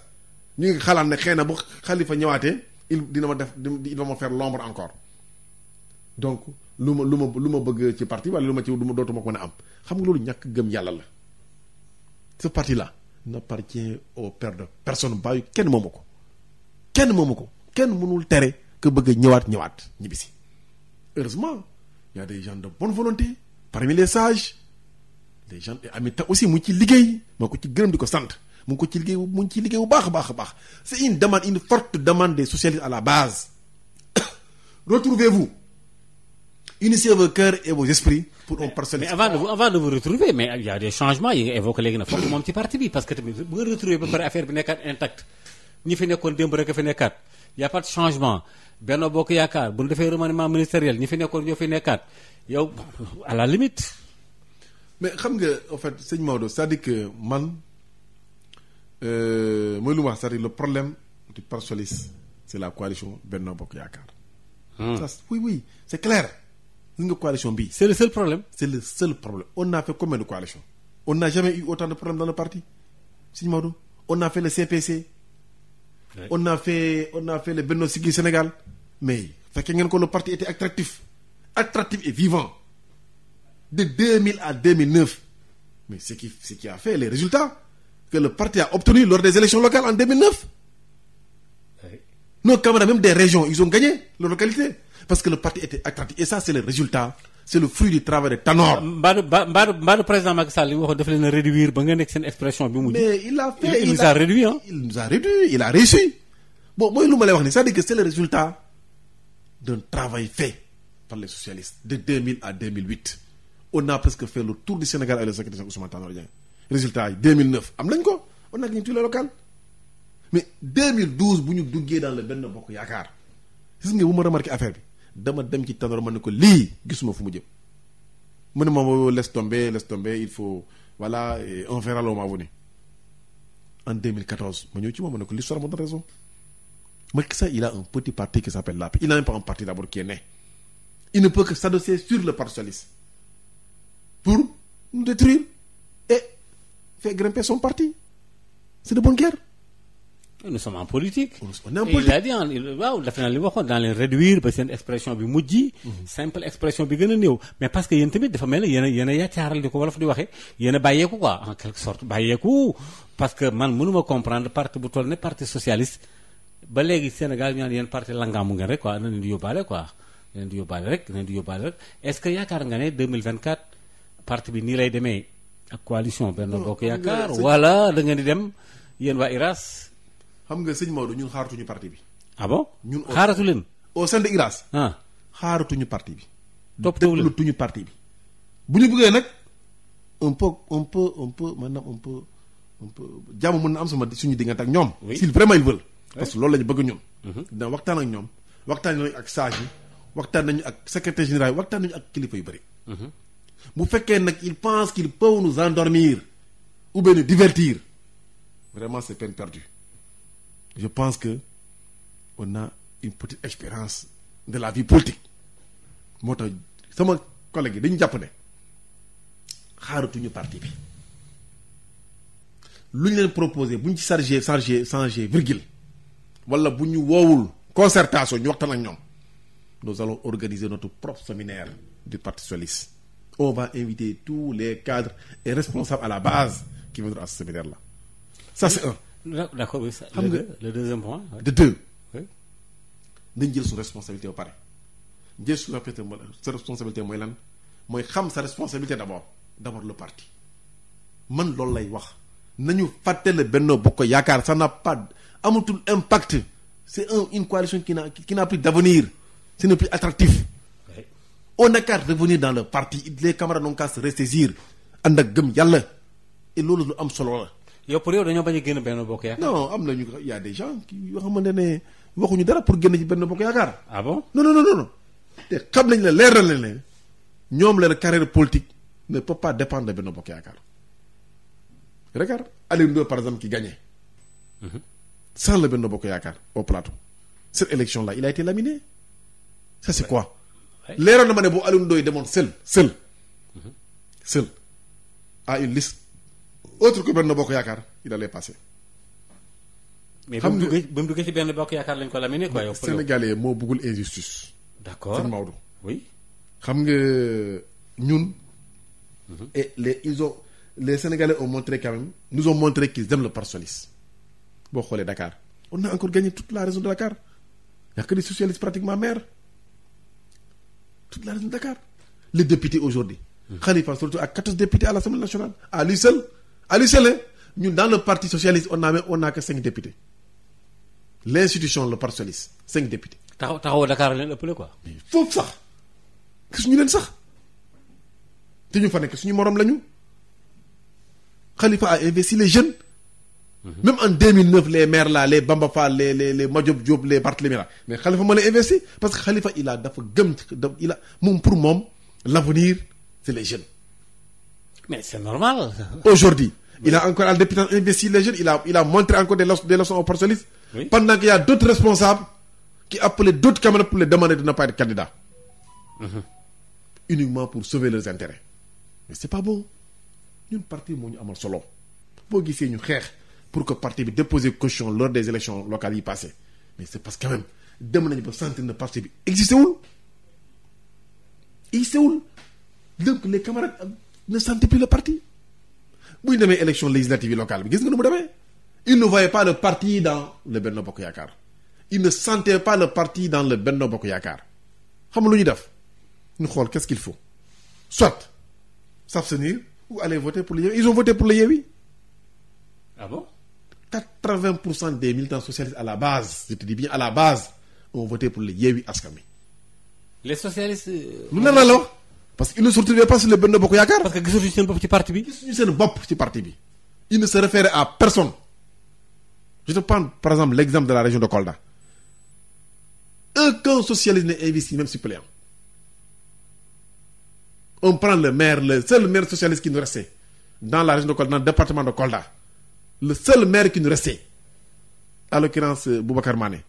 ñu ngi xalaat ne xëy na bu Khalifa ñëwaatee il dina ma def il va ma faire l'ombre encore donc lu ma lu ma lu ma bëgg ci parti wala lu ma ci ma dootuma ko mën a am xam nga loolu ñàkk gëm yàlla la ce parti là n'appartient au per de personne bàyyi kenn moomu ko kenn moomu ko kenn mënul tere que bëgg ñëwaat ñëwaat ñibbisi heureusement y a des de bonne volonté parmi les sages te Jean Ami ta aussi mu ngi ci liggéey maa ko ci gërëm di ko sant mu ngi ko ci liggéey mu baax baax baax c'est une demande une forte demande des socialistes à la base retrouvez-vous unissez vos et vos esprits pour un parcelle. mais avant de vous avant de vous retrouver mais il y a des changements yi nga évoqué léegi nag foog moom ci parti bi parce que tamit bu nga retrouver ba nekkaat intact ñi fi nekkoon démb rek a fi nekkaat y a pas de changement Benno Bokk Yaakaar bu ñu defee remaniement ministériel ñi fi nekkoon ñoo fi nekkaat yow mais xam nga en fait sëñ Maodo cest man euh, mooy lu ma wax cest le problème du Parti socialiste c'est la coalition Benno Bokk Yaakaar. Hmm. ça oui oui c'est clair. gis nga coalition bii. c'est le seul problème. c'est le seul problème on a fait combien de coalitions. on n'a jamais eu autant de problèmes dans le parti sëñ on na fait le CPC. Ouais. on a fait on a fait le Benno Siggil Sénégal mais fekkee ngeen ko le parti était attractif attractif et vivant. de 2000 à 2009 mais ce qui ce qui a fait les résultats que le parti a obtenus lors des élections locales en 2009 oui. même des régions ils ont gagné leur localité parce que le parti était attractif c'est le résultat c'est le fruit du travail de Tanor. Mbaa Mbaa Mbaa président Macky Sall li waxoon dafa leen réduire ba nga nekk seen expression bi mu. mais il a fait il, il, il nous a, a réduit il a réussi bon mooy lu ma lay wax nii c'est-à-dire que le résultat d'un travail fait par les socialistes on a presque fait le tour du Sénégal avec le secrétaire Ousmane Tanor Dieng résultat yi 2009 am nañ ko on a gagné tous les locales mais bu ñu duggee dans le benn bokk yaakaar gis nga bu ma remarqué affaire bi dama dem ci Tanor man ne ko lii gisuma fu mu jëm mu ne ma laisse tomber laisse tomber il faut voilà on verra le moment venu en 2014 ma ñëw ci moom ma ne ko l'histoire moo doon raison Macky Sall il a un petit parti qui s'appelle l'APR il n'a un parti d'abord qui est né il ne peut que s'adosser sur le parti socialiste pour nous détruire et faire grimper son parti c'est de bonne guerre. nous sommes en politique. on est en politique a dit waaw defe naa li réduire ba seen expression bi mujj. Mhm. simple expression bi gën a néew. mais parce que yéen tamit dafa mel ne yéen a yéen a yaacaaral di ko wolof di waxee yéen a bàyyeeku quoi en quelque sorte bàyyeeku parce que man mënuma comprendre parti bu toll ne parti socialiste ba léegi Sénégal ñu naan yéen parti langaamu ngeen rek quoi na leen di yóbbaale quoi na parti bi nii lay demee ak coalition Benno Bokk Yaakaar wala da ngeen di dem yéen waa IRAS. xam nga sëñ Maodo ñun xaaratuñu parti bi. ah bon ñun xaaratu leen. au sein de IRAS. Ah. xaaratuñu parti bi. toppatoo leen déglutuñu parti bi. bu ñu bëggee nag on peut on peut on peut maanaam on jàmm mën na am sama suñu diggante ak ñoom. oui s'ils vraiment loolu la ñu bëgg ñun. Mhm. dina waxtaan ak ñoom waxtaan nañu ak sages yi waxtaan nañu ak secrétaire général yi waxtaan nañu ak kilifa yu bëri. Mhm. bu fekkee nag il pense qu'il peut nous endormir ou bien nous divertir vraiment c'est peine perdue je pense que on a une petite expérience de la vie politique moo tax sama collègue yi dañu jàpp ne xaaratuñu parti bi lu ñu leen proposé bu ñu ci chargé chargé changé virgule wala bu ñu woowul concertation ñu waxtaan ak ñoom nous allons organiser notre propre séminaire du parti socialiste on va inviter tous les cadres et responsables à la base qui viendront à la séminaire-là. Ça, xam nga le deuxième point. de deux. nañ jël suñu responsabilité ba pare. jël suñu sa responsabilité mooy lan mooy xam sa responsabilité d'abord d'abord le parti man loolu lay wax nañu fàtte le Benno Bokk Yaakaar ça n'a pas amatul impact c'est un une coalition qui n'a qui n'a plus d'avenir ce n'est plus attractif. on a qu'à revenir dans le parti les camarades n'ont qu'à se ressaisir ànd ak gëm yàlla et loolu lu am solo la. yow pour yow dañoo bañ a génn benn bokk yaakaar. non am na ñu y yoo xamante ne waxuñu dara génn ci benn bokk yaakaar. ah bon non non non non xam nañ la leer na leen ne ñoom leur carrière politique ne peut pas dépendre benn bokk yaakaar regarde Aliou Ndoye par exemple qui gagnait. Mhm. sans le benn bokk yaakaar au plateau. cette élection là il a été laminé ça c'est quoi. leeroon na ma ne bu Alioune Ndoye demoon seul seul mhm. seul à une liste autre que benn bokk yaakaar il allait mais ba mu duggee ci benn bokk yaakaar lañ ko laminé quoi yow. Sénégalais moo bëggul injustice. d'accord sëñ xam nga ñun. Mhm. et les ils ont les Sénégalais ont montré quand même nous ont montré qu'ils aiment le personnalisme boo xoolee dakaar on a encore gagné toute la région de Dakar y a que pratiquement maire. toute la région de Dakar les députés aujourd'hui Khalifa surtout ak 14 députés à l'Assemblée nationale à lui seul à lui seul ñu dans le parti socialiste on a on a que cinq députés l'institution le parti socialiste cinq députés. taxaw taxawu Dakar leen ëppale quoi. foofu sax gisuñu leen sax te ñu fa nekk suñu moroom lañu Khalifa a investi les jeunes. même en 2009 les maires là les Bamba Fall les les les Madiop Diop mais Khalifa ma lay investi parce que Khalifa il dafa gëm il moom pour moom l'avenir c'est les jeunes. mais c'est normal. aujourd'hui il a encore en députant investi les jeunes il a il a montré encore des leçons des leçons aux porcelistes. oui pendant qu'il y a d'autres responsables qui appelaient d'autres camarades pour les demander de ne pas être candidat. Mhm. uniquement pour sauver leurs intérêts. mais c'est pas bon ñun moo ñu amal solo boo gisee ñu xeex. pour que parti bi déposer caution lors des élections locales yi passées mais c'est parce que quand même dem nañu ba sentir na parti bi existé wul existé wul donc les camarades ne sentaient plus le parti bu ñu demee élection législative yi locale bi gis nga nu mu demee ils ne voyaient pas le parti dans le Benno Bokk Yaakaar ils ne sentaient pas le parti dans le Benno Bokk Yaakaar xam lu ñu def ñu xool qu'est-ce qu'il faut soit s'abstenir ou aller voter pour le quatre pour cent des militants socialistes à la base je te dis bien à la base ont voté pour le Yewwi Askan Wi. les socialistes. mun euh, na la wax parce que ils ne se retrouvaient pas sur le Benno Bokk Yaakaar. parce que gisuñu seen bopp ci parti bi. gisuñu seen bopp ci parti bi. ils ne se référaient à personne. je te prends par exemple l'exemple de la région de Kolda aucun socialiste n'est investi même suppléant on prend le maire le seul maire socialiste qui nous restait dans la région de Kolda le seul maire qui nous restait à l'occurrence euh, Boubacar Mané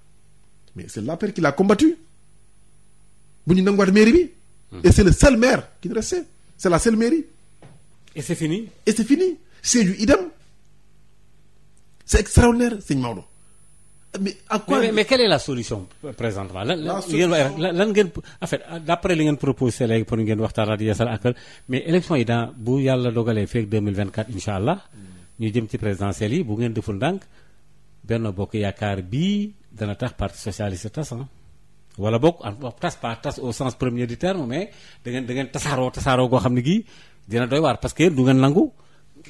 mais c'est l'APR qui l'a combattu bu ñu nanguwaat mairie bi et c'est le seul maire qui nous restait c'est la seule mairie et c'est fini et c'est fini Sédhiou idem c'est extraordinaire sëñ Maodo mais à quoi mais, mais, mais quelle est la solution présentement lan lan ngeen en fait d'après li ngeen proposé léegi pour ngeen waxtaan ak Yeesal ak mais élection yi bu yàlla dogalee feek 2024 allah ñu jëm ci présidentielles yi bu ngeen deful ndànk benn bokk yaakaar bii dana tax parti socialiste tasan ah. wala bokk en tas pas tas au sens premier du terme mais da ngeen da ngeen tasaaroo tasaaroo goo xam ne gii dina doy waar parce que du ngeen nangu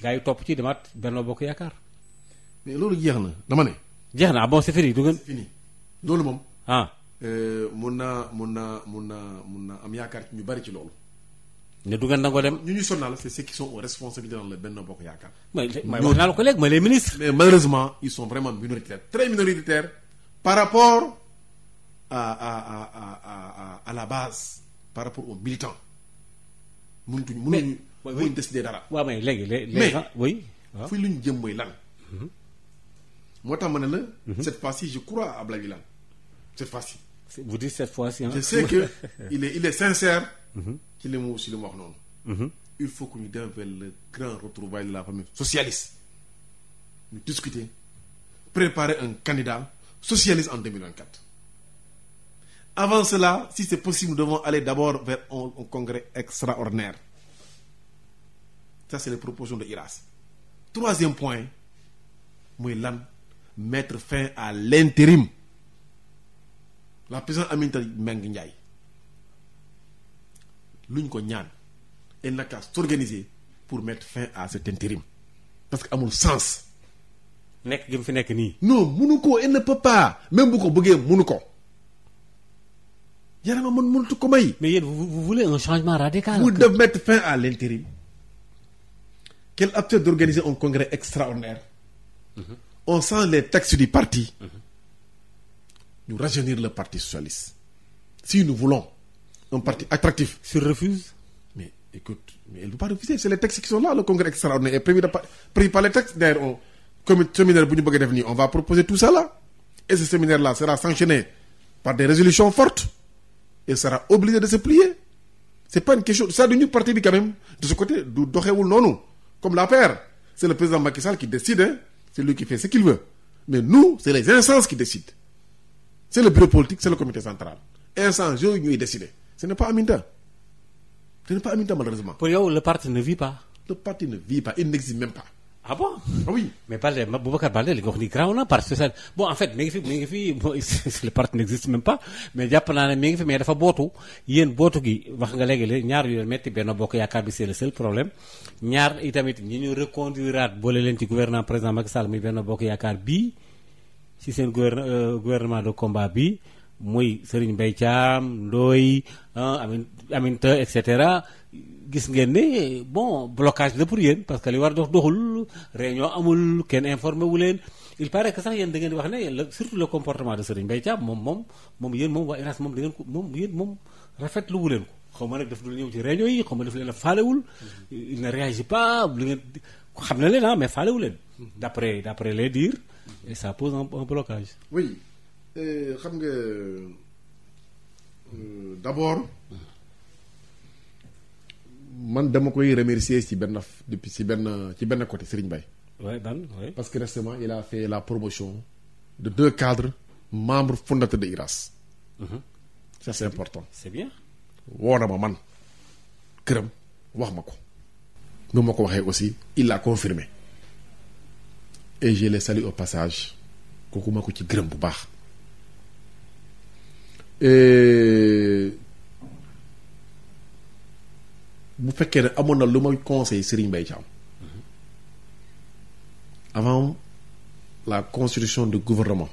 gars yi topp ci demaat benn bokk yaakaar. mais loolu jeex na dama ne. jeex na ah bon c'est fini du ngeen. fini loolu moom. ah. mun na mun na mun naa mun na am yaakaar ci ñu bari ci loolu. ne du ngeen nangoo dem. ñu ñu sonal c'est ceux qui sont aux responsabilités dans le Benno Bokk Yaakaar. mooy wax naa la ko léegi mooy les ministres. mais malheureusement ils sont vraiment minoritaires très minoritaires par rapport à à à à à, à la base par rapport aux militants. mënatuñu mënuñu mënuñu décider dara. waaw mais léegi léegi. mais oui waaw fii lu ñu jëm mooy lan. Mhm. moo tax ma ne la. Mhm. cette fois-ci je crois à Abdoulaye Wilane cette fois-ci. vous dites cette fois-ci. je sais que il est sincère. Mhm. ci li mu ci li mu wax mhm. il faut que ñu dem vers le grand retrouvaille de la famille socialiste. ñu discuter préparer un candidat socialiste en 2024. avant cela si c'est possible nous devons aller d'abord vers un, un congrès extraordinaire ça c'est les propositions de IRAS troisième point mooy lan mettre fin à l'intérim la présidente Aminata Mbengue Ndiaye luñ ko ñaan elle n'a qu'à pour mettre fin à cet intérim parce que amul sens. nekk gi mu fi nekk nii. non munu koo elle ne peut bu ko bëggee munu ko yarama man mënatu ko may. mais yéen vous, vous voulez un changement radical. mu def mettre fin à l'intérim qu'elle accepte d'organiser un congrès extraordinaire. Mm -hmm. on sent les textes du parti. Mhm. ñu rajeunir le parti socialiste si nous voulons un parti attractif. s'il refuse. mais écoute mais elle ne peut pas refuser c'est les textes qui sont là le congrès extraordinaire est prévu de par les textes d'ailleurs on comme séminaire bu ñu bëgg a def nii on va proposer tout ça là et ce séminaire là sera sanctionné par des résolutions fortes et sera obligé de se plier c'est pas une question ça parti bi quand même de ce côté du doxewul noonu comme l'APR c'est le président Macky Sall c'est le bureau politique c'est le comité central in yooyu ñuy décider ce n'est pas Aminta ce n'est pas Aminta malheureusement. pour yow le parti ne vit pas. le parti ne vit pas il n'existe même pas. ah bon ah oui. mais Baldé Boubacar Baldé li nga wax ni grand na parce que bon en fait mi ngi fi mi ngi fi le parti n'existe même pas mais jàpp naa ne mi ngi fi mais dafa bootu yéen bootu gi wax nga léegi léegi ñaar yu leen metti benn bokk yaakaar bi c'est le seul problème ñaar itamit ñi ñu reconduiraat boole leen ci gouvernement président Macky Sall muy bokk yaakaar bii. ci seen gouverne euh, gouvernement de combat bi muy Serigne Mbaye Thiam Ndoye Amin Aminta et cetera gis ngeen ne bon blocage la pour yéen parce que li war dox doxul réunion amul kenn informé wu leen il paraît que sax yéen da ngeen di wax ne surtout le comportement de Serigne Mbaye Thiam moom moom moom yéen moom waa INAS moom da ko moom yéen moom rafetlu wu leen ko xaw ma nag daf dul ñëw ci réunion yi xaw ma daf leen a faalewul mm-hmm. lu ngeen xam na leen ah mais faalewu leen mm-hmm. d'après d'après les dires et ça pose un, un blocage. xam nga euh, d'abord man dama koy remercier ci benn depuis ci benn ci benn côté Serigne Baye. oui ban oui. parce que récemment il a fait la promotion de deux cadres membre fondateurs de IRAS. Mm -hmm. ça c'est important. c'est bien. woo ma man këram wax ma ko. nu ma ko waxee aussi il l'a confirmé. et je au passage kooku ma ko ci gërëm bu baax bu fekkee ne amoon na lu may conseil Serigne Mbaye am avant la constitution du gouvernement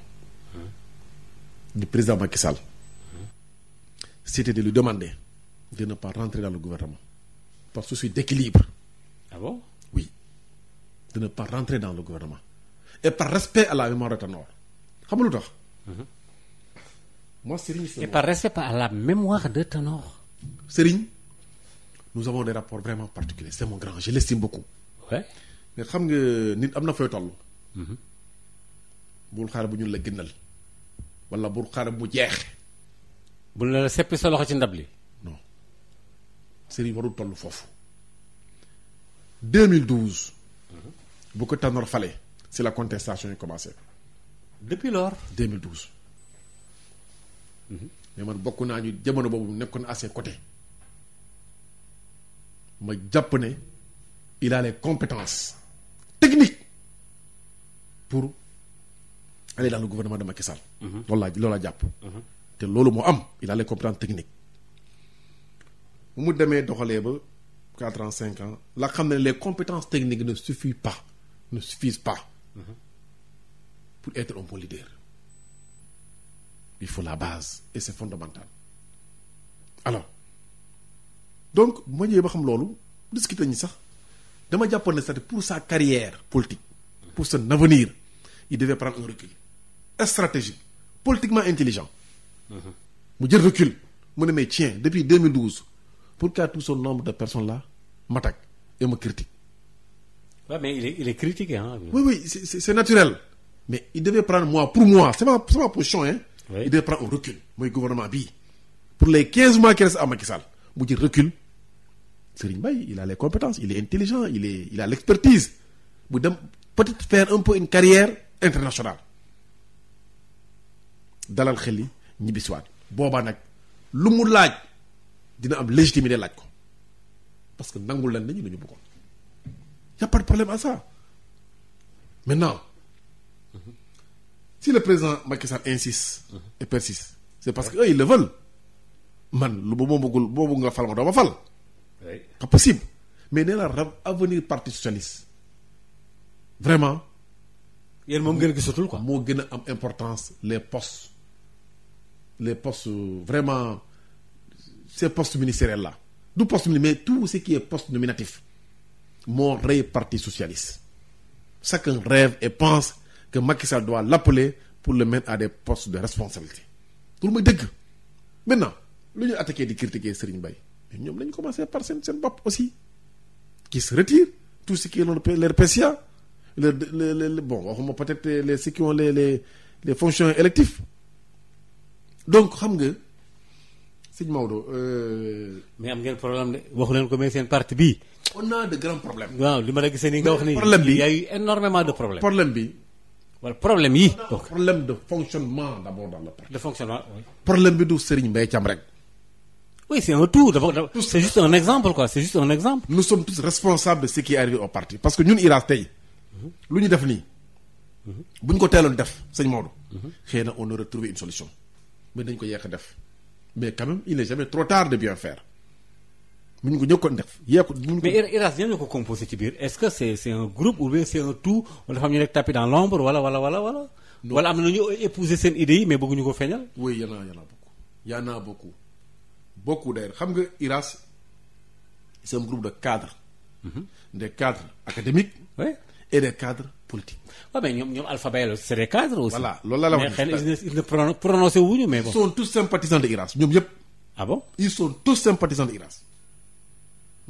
du président Macky Sall c'était de lu demander de ne pas rentrer dans le gouvernement par souci d'équilibre ah oui de pas rentrer dans le gouvernement et par respect à la mémoire de Tanor xam nga lu tax. Mhm. moi Serigne. et par respect à la mémoire de Tanor. Serigne nous avons des vraiment particuliers c'est grand je l'estime beaucoup. ouais xam nga nit am na fooy toll. Mhm. bul xaar bu ñu la gënal wala bul xaar bu jeex. bu la seppi sa loxo ci ndab li. non warul toll foofu. 2012. Mhm. bu ko Tanor fale. si la contestation yi commencé. depuis lors 2012. Mhm. mais man bokk naa ñu jamono boobu nekkoon à ses côtés ma jàpp ne il a les techniques pour aller dans le gouvernement de Macky Sall. Mhm. loolu laa loolu laa jàpp. Mhm. te loolu moo am il a technique bu mu demee doxalee ba quatre cinq ans la xam ne les compétence techniques ne suffisent pas ne suffisent pas. Mhm. pour être un bon leader il faut la base et c'est fondamental alors donc bu ma ñëwee ba xam loolu discuter ñi sax dama jàppoon ne cest pour sa carrière politique pour son navenir il devait prendre un recul stratégique politiquement intelligent mhm. mu jël recul mu ne mais tiens depuis 2012 pourquoi tout ce nombre de personnes la m'attaquent et me Ouais, mais il est, il est Mais il devait prendre, moi, pour moi, c'est ma, ma position, hein. Oui. il devait pour les 15 mois qui restent à Macky Sall mu jël recul Serigne Mbaye il a les compétences il est intelligent il est il a bu dem peut-être faire un peu une carrière internationale dalal xel yi ñibbisiwaat boobaa nag lu mu laaj dina am légitimité laaj ko parce que nangul lan nañu lu ñu bëggoon y a pas de problème à ça maintenant mm si le président Macky Sall insiste mm -hmm. et persiste c'est parce que eux, ils le veulent man lu ba moo bëggul boo nga fal ma doo ma fal pas possible mais nee naa avenir parti socialiste vraiment yéen moom gën a gisatul quoi moo gën a am importance les postes les postes euh, vraiment ces postes ministériels la du poste mais tout ce qui est poste nominatif moo rey parti socialiste chacun rêve et pense que Macky Sall doit l'appeler pour le mettre à des postes de responsabilité loolu mooy dëgg maintenant lu ñu attaqué di critiquer Serigne Mbaye mais ñoom lañu commencé par seen seen bopp aussi qui se retire tout ce qui est leur leur PCA le le bon waxuma peut-être les ceux qui ont les les les fonctions électives donc xam nga sëñ Maodo. Euh, mais am ngeen problème de waxu leen ko mais seen parti bii. on a de grands problèmes. waaw li ma la gisee nii nga wax nii. problème bi y a eu énormément de problème bi. problème yi. donc problème de fonctionnement d'abord dans le parti. de fonctionnement oui. problème bi du Serigne Mbaye Thiam rek. oui c'est un tout d'abord c'est juste un exemple quoi c'est juste un exemple. nous sommes tous responsables de ce qui est au parti parce que ñun IRAS tey. lu ñu def nii. bu ñu ko teeloon def sëñ Maodo. xëy na on aurait trouvé une solution. mais dañ ko yéex def mais quand même il n'est jamais trop tard de bien faire. mu ñu ko ñëkkoon def yee ko. mu ñu ko mais IRAS ñoo ko composé ci biir est-ce que c'est un groupe ou bien c'est un tout wala ñu rek tapis dans l'ombre wala wala wala wala. am na ñu épouser seen idées yi mais bëgguñu ko feeñal. oui y en a y en a beaucoup y en a xam nga IRAS c'est un groupe de cadres. Mhm. des cadres académiques. oui et des cadres politiques. waaw mais ñoom ñoom alphabet la c'est des cadres aussi. voilà loolu la la wax mais xëy na ils tous sympathisants de IRAS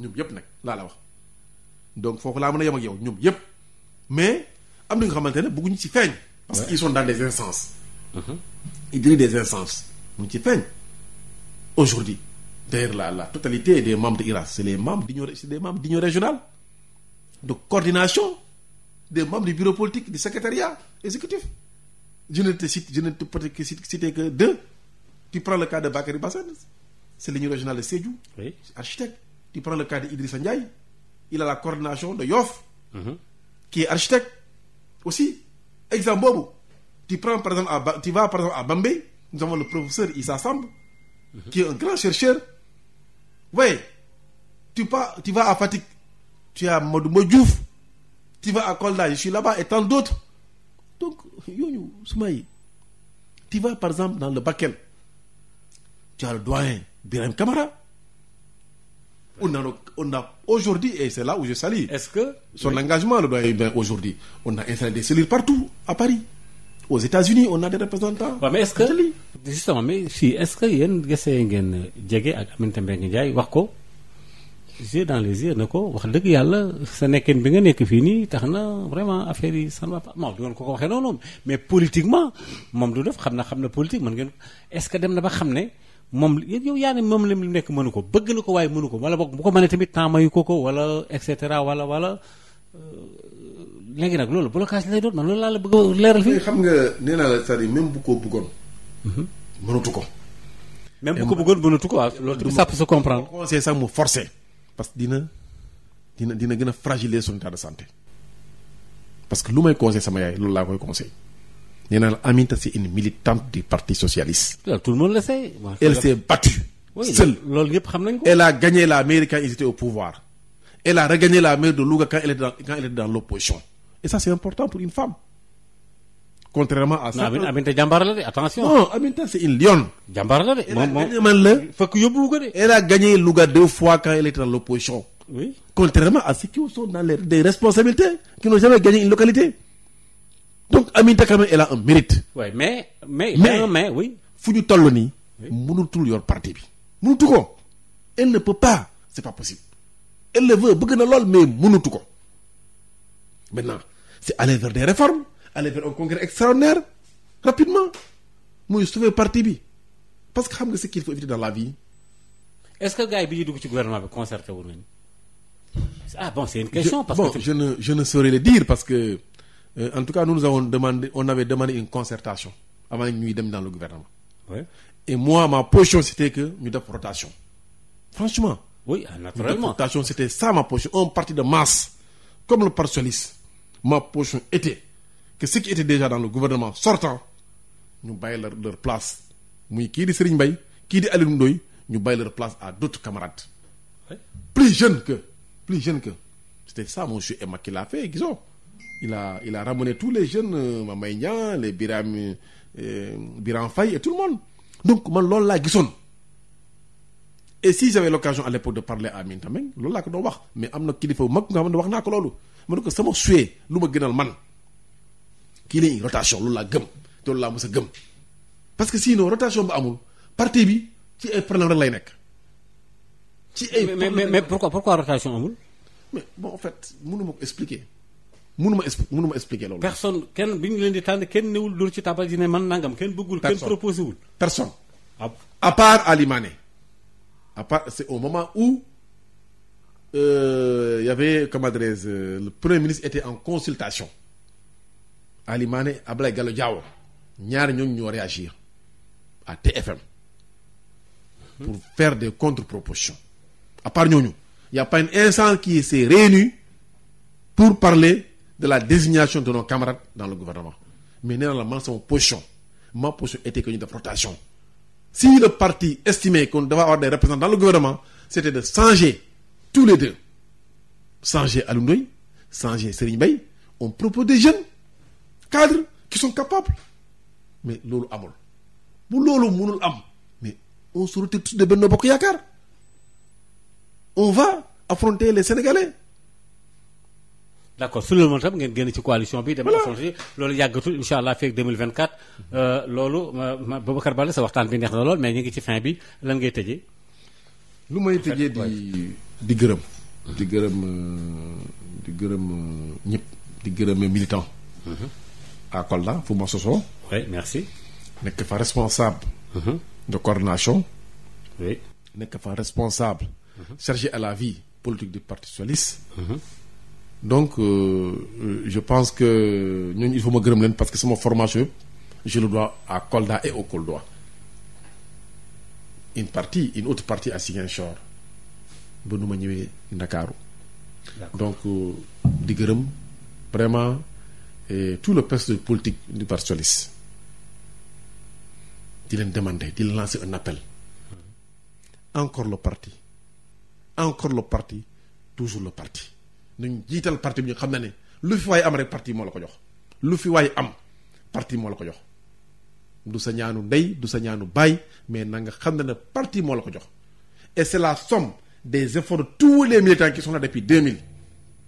ñoom yëpp nag laa la wax donc foofu laa mën a yem ak yow ñoom yëpp mais am na nga xamante ne bëgguñu ci feeñ. parce qu'ils sont dans des instances. Mm-hmm. ils dirigent des instances mu ngi ci feeñ. aujourd'hui d'ailleurs la la totalité des membres de IRAS c'est les membres d'union c'est des membres d'union régionale de des membres du bureau politique du secrétariat exécutif je ne te cite je ne te peux que citer que deux tu prends le cas de Bakary Bassène c'est l'union régionale de Sédhiou oui tu prends le cas de Idrissa Ndiaye il a la coordination de Yoff mm -hmm. qui est architecte aussi exemple boobu tu prends par exemple à tu nous avons le professeur Issa Samb mhm. qui est un grand chercheur voyez tu pas tu vas à Fatick tu as Madoumba Diouf tu vas à Kolda je suis là-bas et tant d'autres donc yooyu Soumaye tu vas par exemple dans le Bakel tu as le doyen Birame Camara on a, on a aujourd'hui, et c'est là où Est-ce que, son oui. engagement, le doyen aujourd'hui, on a installé des cellules partout, à Paris. Aux États-Unis, on a des représentants. waaw mais est-ce que justement mais fii est-ce que yéen gese ngeen jege ak Aminata Mbengue Ndiaye wax ko. yeux dans les yeux ne ko wax dëgg yàlla sa nekkin bi nga nekk fii nii tax na vraiment affaire yi san ne va pas ngeen ko ko waxee noonu mais politiquement moom du def xam na xam na politique mën ngeen est-ce que dem na ba xam ne. moom yow yaa ne moom lim nekk mënu ko bëgg na ko waaye mënu ko wala boog bu ko mënee tamit temps mayu ko ko wala et cetera wala wala euh, léegi nag loolu blocage lay doon man loolu laa la bëgg a leeral fii. xam nga nee naa la cest à même bu ko bëggoon. Mhm. mënatu ko. même bu ko bëggoon mënatu ko waaw ah, loolu tamit ça peut se comprendre. forcé parce que dina dina dina gën a fragiliser son de santé parce que lu may conseil sama yaay loolu laa koy conseil nee naa la Aminata c'est une militante du parti socialiste. tout le monde le elle s'est battue. seule loolu yëpp xam nañ ko. elle a gagné la mairie quand ils au pouvoir. elle a regagné la mairie de Louga quand elle était dans l'opposition. et ça c'est important pour une femme. contrairement à. ça non Aminata la de attention. non Aminata c'est une lionne. jàmbaar la de moom moom man la. fekk yóbbu Louga de. elle a gagné Louga deux fois quand elle était dans l'opposition. oui contrairement à ceux qui sont dans les des responsabilités donc Aminata Kamel elle a un mérite. oui mais mais mais mais oui. fu ñu toll nii. mënutul yor parti bi. mënutu ko elle ne peut pas c'est pas possible elle le veut bëgg na lool mais mënutu ko maintenant c'est aller vers des réformes aller vers un congrès extraordinaire rapidement muy sauver parti bi parce que xam nga ce qu'il faut éviter dans la vie. est-ce que gars bi ñuy dugg ci gouvernement bi concerté wu nañu. ah bon c'est une question. Je, que bon je ne je ne saurais le dire parce que. euh, en tout cas nous nous avons demandé on avait demandé une concertation avant ñuy dem dans le gouvernement. et moi ma position c'était que ñu def rotation. franchement. oui ah, naturellement rotation c'était ça ma position un parti de masse comme le Parti ma position était que ceux qui étaient déjà dans le gouvernement sortant ñu bàyyi leur leur place muy kii di Serigne Mbaye kii di Alioune Ndoye ñu bay leur place à d'autres camarades. plus jeune que plus jeunes que c'était ça monsieur Emma qui il a il a tous les jeunes euh, ma Ndiaye les Biram euh, Biram Faye et tout le monde donc man loolu laa gisoon et si j'avais l'occasion à l'époque de parler à Aminata Mbengue wax mais am na kilifa bu mag nga wax naa loolu ma ne sama souhait lu ma gënal man kii la une rotation loolu laa gëm te loolu laa mës parce que sinon rotation bu amul parti bi ci ay problème rek lay nekk. ci ay mais mais pourquoi bon en fait mënu ma ko expliquer. mënu ma expli mënu ma loolu. personne kenn bi ñu leen di tànn kenn newul dóor ci tabal ji ne man nangam kenn bëggul. kenn proposé wul. personne ah. à part Ali Mané à part c'est au moment où euh, y avait comment le premier ministre était en consultation Ali Mané Ablaye Gallo Diawo ñaari ñooñu ñoo réagir à TFM. pour faire des contre-propositions à part ñooñu y pas une instance qui s'est réunie pour parler de la désignation de nos camarades dans le gouvernement mais nee na la man sama position ma position était que de def rotation si le parti estimait qu'on devait avoir des représentants dans le gouvernement c'était de changer tous les deux changer Alioune Ndoye changer Serigne Mbaye on propose des jeunes cadres qui sont capables mais loolu amul bu loolu mënul am mais on se retire tous de Benno Bokk Yaakaar on va affronter les Sénégalais d' accord su loolu moom tam ngeen génn ci coalition bi. dem affronter loolu yàggatul incha allah feeg 2024. Euh, loolu Babacar Balla sa waxtaan bi neex na lool mais ñu ngi ci fin bi lan ngay tëjee. lu may tëjee di gërëm. di gërëm di gërëm euh, euh, ñëpp di gërëm militant. Mm-hmm. à Kolda fu ma sosoo. oui nekk fa responsable. Mm-hmm. de coordination. nekk fa responsable. Mm-hmm. chargé à la vie politique de parti socialiste. donc euh, je pense que ñooñu il faut ma gërëm leen parce que sama formation yëpp je le dois à Kolda et au Koldois une partie une autre partie à Ziguinchor ba nu ma ñëwee Ndakaaru donc euh, di gërëm vraiment et tout le personnel politique di Parti socialiste di leen demander di leen lancer un appel hmm. encore le parti encore le parti toujours le parti nañ jiital parti bi ñu xam na ne lu fi waay am rek parti moo la ko jox lu fi waay am parti moo la ko jox du sa ñaanu ndey du sa ñaanu baay mais na nga xam ne ne parti moo la ko jox et c'est la somme des efforts de tous les militants qui sont là depuis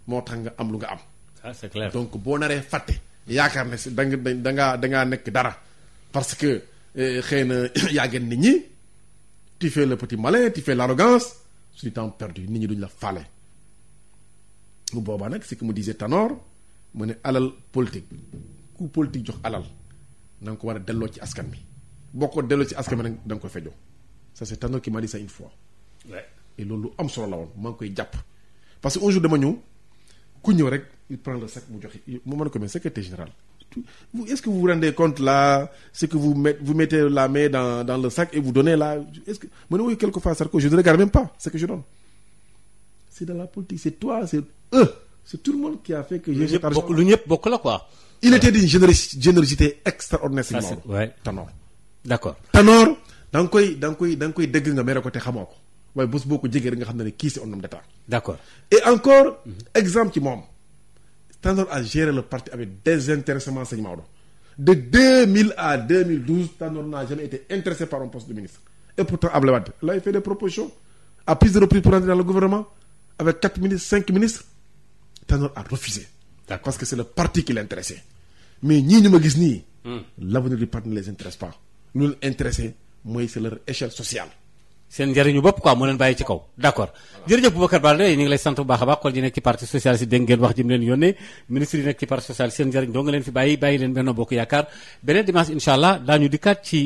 moo tax nga am lu nga am. ah donc boo naree fàtte. yaakaar ne si da nga da ngaa da nekk dara parce que eh, xëy na yaa nit ñi tu fais le petit malin tu fais l'arrogance su di temps perdu nit ñi duñ la faale. bu boobaa nag ce que me disait Tanor mu ne alal politique ku politique jox alal na nga ko war a delloo ci askan bi boo ko delloo ci askan bi nag da nga koy fejoo ça c'est Tanor qui m'a dit ça une fois. loolu am solo la woon maa ngi koy jàpp. parce que un jour dama ñëw ku ñëw rek il prend le sac mu joxe mu mën a ko mais secrétaire général. vous est-ce que compte là ce que vous met vous mettez la main dans dans le sac et vous donnez là est mu ne oui quelquefois c'est dans la politique c'est toi c'est eux c'est tout le monde qui a fait que. lu ñëpp bokk la quoi. il était générosité extraordinaire. si Maodo waay d'accord Tanor da koy da koy da nga koy ko te xamoo ko waaye bés boo ko jegee rek nga xam ne kii c'est un homme d'état. d'accord et encore exemple ci moom Tanor a géré le parti avec désintéressement sëñ Maodo de 2000 à 2012 Tanor n'a jamais été intéressé par un poste de ministre a fait des propositions à avec quatre ministres cinq ministres Tanor a refusé. D'accord. parce que c'est le parti qui l'intéressait mais ñii ñu ma gis nii. Hmm. l'avenir du parti ne les intéresse pas. lu leen intéressé mooy c'est leur échelle sociale. seen njëriñu bopp quoi moo leen bàyyi ci kaw d'accord jërëjëf Boubacar bu baax baax kon leen yónnee ministre yi nekk ci parti socialiste seen njëriñ doo nga leen fi bàyyi bàyyi leen benn bokk yaakaar beneen dimanche incha allah daañu dikkaat ci